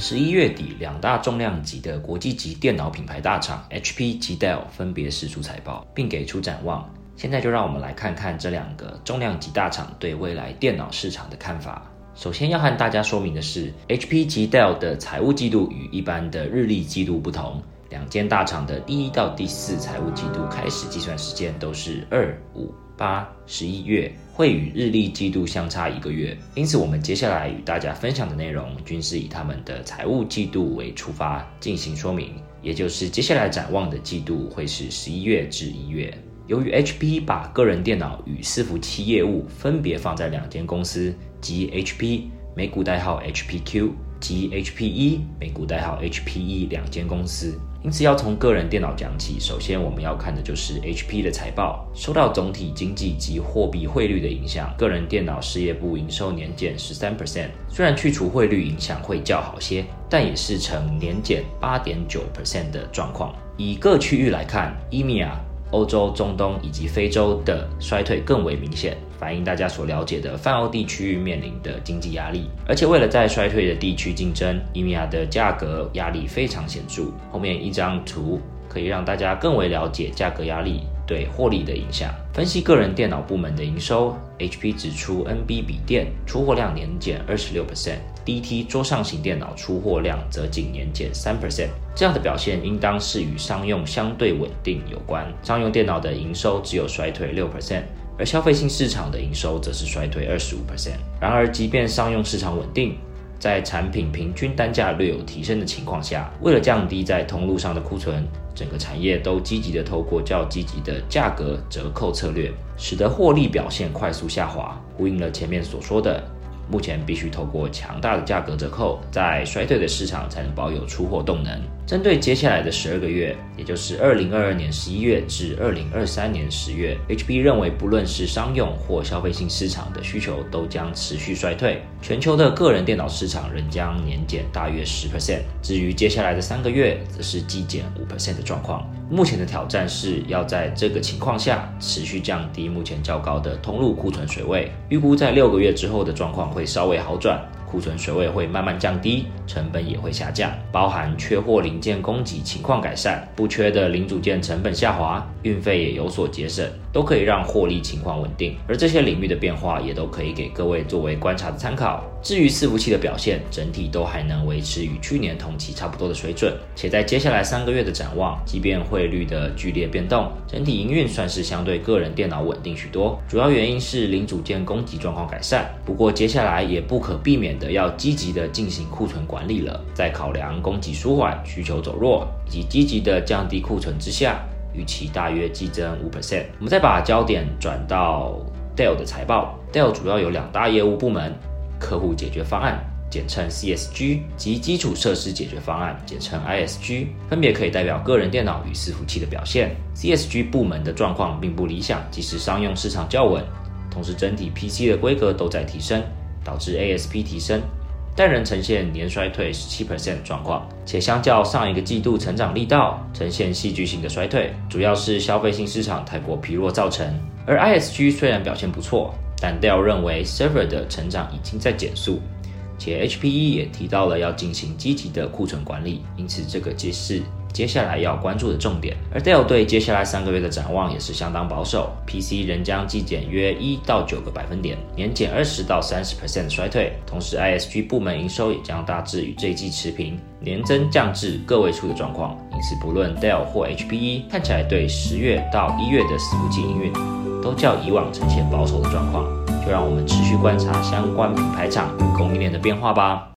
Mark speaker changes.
Speaker 1: 十一月底，兩大重量級的國際級電腦品牌大廠 HP 及 Dell 分別釋出財報，並給出展望。現在就讓我們來看看這兩個重量級大廠對未來電腦市場的看法。首先要和大家說明的是，HP 及 Dell 的財務季度與一般的日曆季度不同，兩間大廠的第一到第四財務季度開始計算時間都是二五。八、十一月，會與日曆季度相差一個月，因此我們接下來與大家分享的內容均是以他們的財務季度為出發進行說明，也就是接下來展望的季度會是十一月至一月。由於 HP 把個人電腦與伺服器業務分別放在兩間公司，即 HP 美股代號 HPQ。及 HPE，美股代號 HPE 兩間公司，因此要從個人電腦講起。首先，我們要看的就是 HP 的財報。受到總體經濟及貨幣匯率的影響，個人電腦事業部營收年減十三 percent，雖然去除匯率影響會較好些，但也是呈年減八點九 percent 的狀況。以各區域來看，EMEA。E 歐洲、中東以及非洲的衰退更為明顯，反映大家所了解的泛歐地區面臨的經濟壓力。而且，為了在衰退的地區競爭，EMEA 的價格壓力非常顯著。後面一張圖可以讓大家更為了解價格壓力對獲利的影響。分析個人電腦部門的營收，HP 指出 NB 筆電出貨量年減二十六 percent，DT 桌上型電腦出貨量則僅年減三 percent。這樣的表現應當是與商用相對穩定有關。商用電腦的營收只有衰退六 percent，而消費性市場的營收則是衰退二十五 percent。然而，即便商用市場穩定，在產品平均單價略有提升的情況下，為了降低在通路上的庫存，整個產業都積極的透過較積極的價格折扣策略，使得獲利表現快速下滑，呼應了前面所說的。目前必須透過強大的價格折扣，在衰退的市場才能保有出貨動能。針對接下來的十二個月，也就是二零二二年十一月至二零二三年十月，HP 認為不論是商用或消費性市場的需求都將持續衰退。全球的個人電腦市場仍將年減大約十 percent。至於接下來的三個月，則是季減五 percent 的狀況。目前的挑戰是要在這個情況下持續降低目前較高的通路庫存水位。預估在六個月之後的狀況會。會稍微好轉。庫存水位會慢慢降低，成本也會下降，包含缺貨零件供給情況改善，不缺的零組件成本下滑，運費也有所節省，都可以讓獲利情況穩定。而這些領域的變化也都可以給各位作為觀察的參考。至於伺服器的表現，整體都還能維持與去年同期差不多的水準，且在接下來三個月的展望，即便匯率的劇烈變動，整體營運算是相對個人電腦穩定許多。主要原因是零組件供給狀況改善，不過接下來也不可避免，得要積極的進行庫存管理了，在考量供給舒緩、需求走弱以及積極的降低庫存之下，預期大約季增五 percent。我們再把焦點轉到 Dell 的財報，Dell 主要有兩大業務部門：客戶解決方案（簡稱 CSG） 及基礎設施解決方案（簡稱 ISG），分別可以代表個人電腦與伺服器的表現。CSG 部門的狀況並不理想，即使商用市場較穩，同時整體 PC 的規格都在提升。導致 ASP 提升，但仍呈現年衰退十七 percent 狀況，且相較上一個季度成長力道呈現戲劇性的衰退，主要是消費性市場太過疲弱造成。而 ISG 雖然表現不錯，但 Dell 認為 Server 的成長已經在減速，且 HPE 也提到了要進行積極的庫存管理，因此這個揭示。接下來要關注的重點，而 Dell 對接下來三個月的展望也是相當保守，PC 仍將季減約一到九個百分點，年減二十到三十 percent 的衰退，同時 ISG 部門營收也將大致與這一季持平，年增降至個位數的狀況。因此，不論 Dell 或 HPE，看起來對十月到一月的四季度營運都較以往呈現保守的狀況，就讓我們持續觀察相關品牌廠供應鏈的變化吧。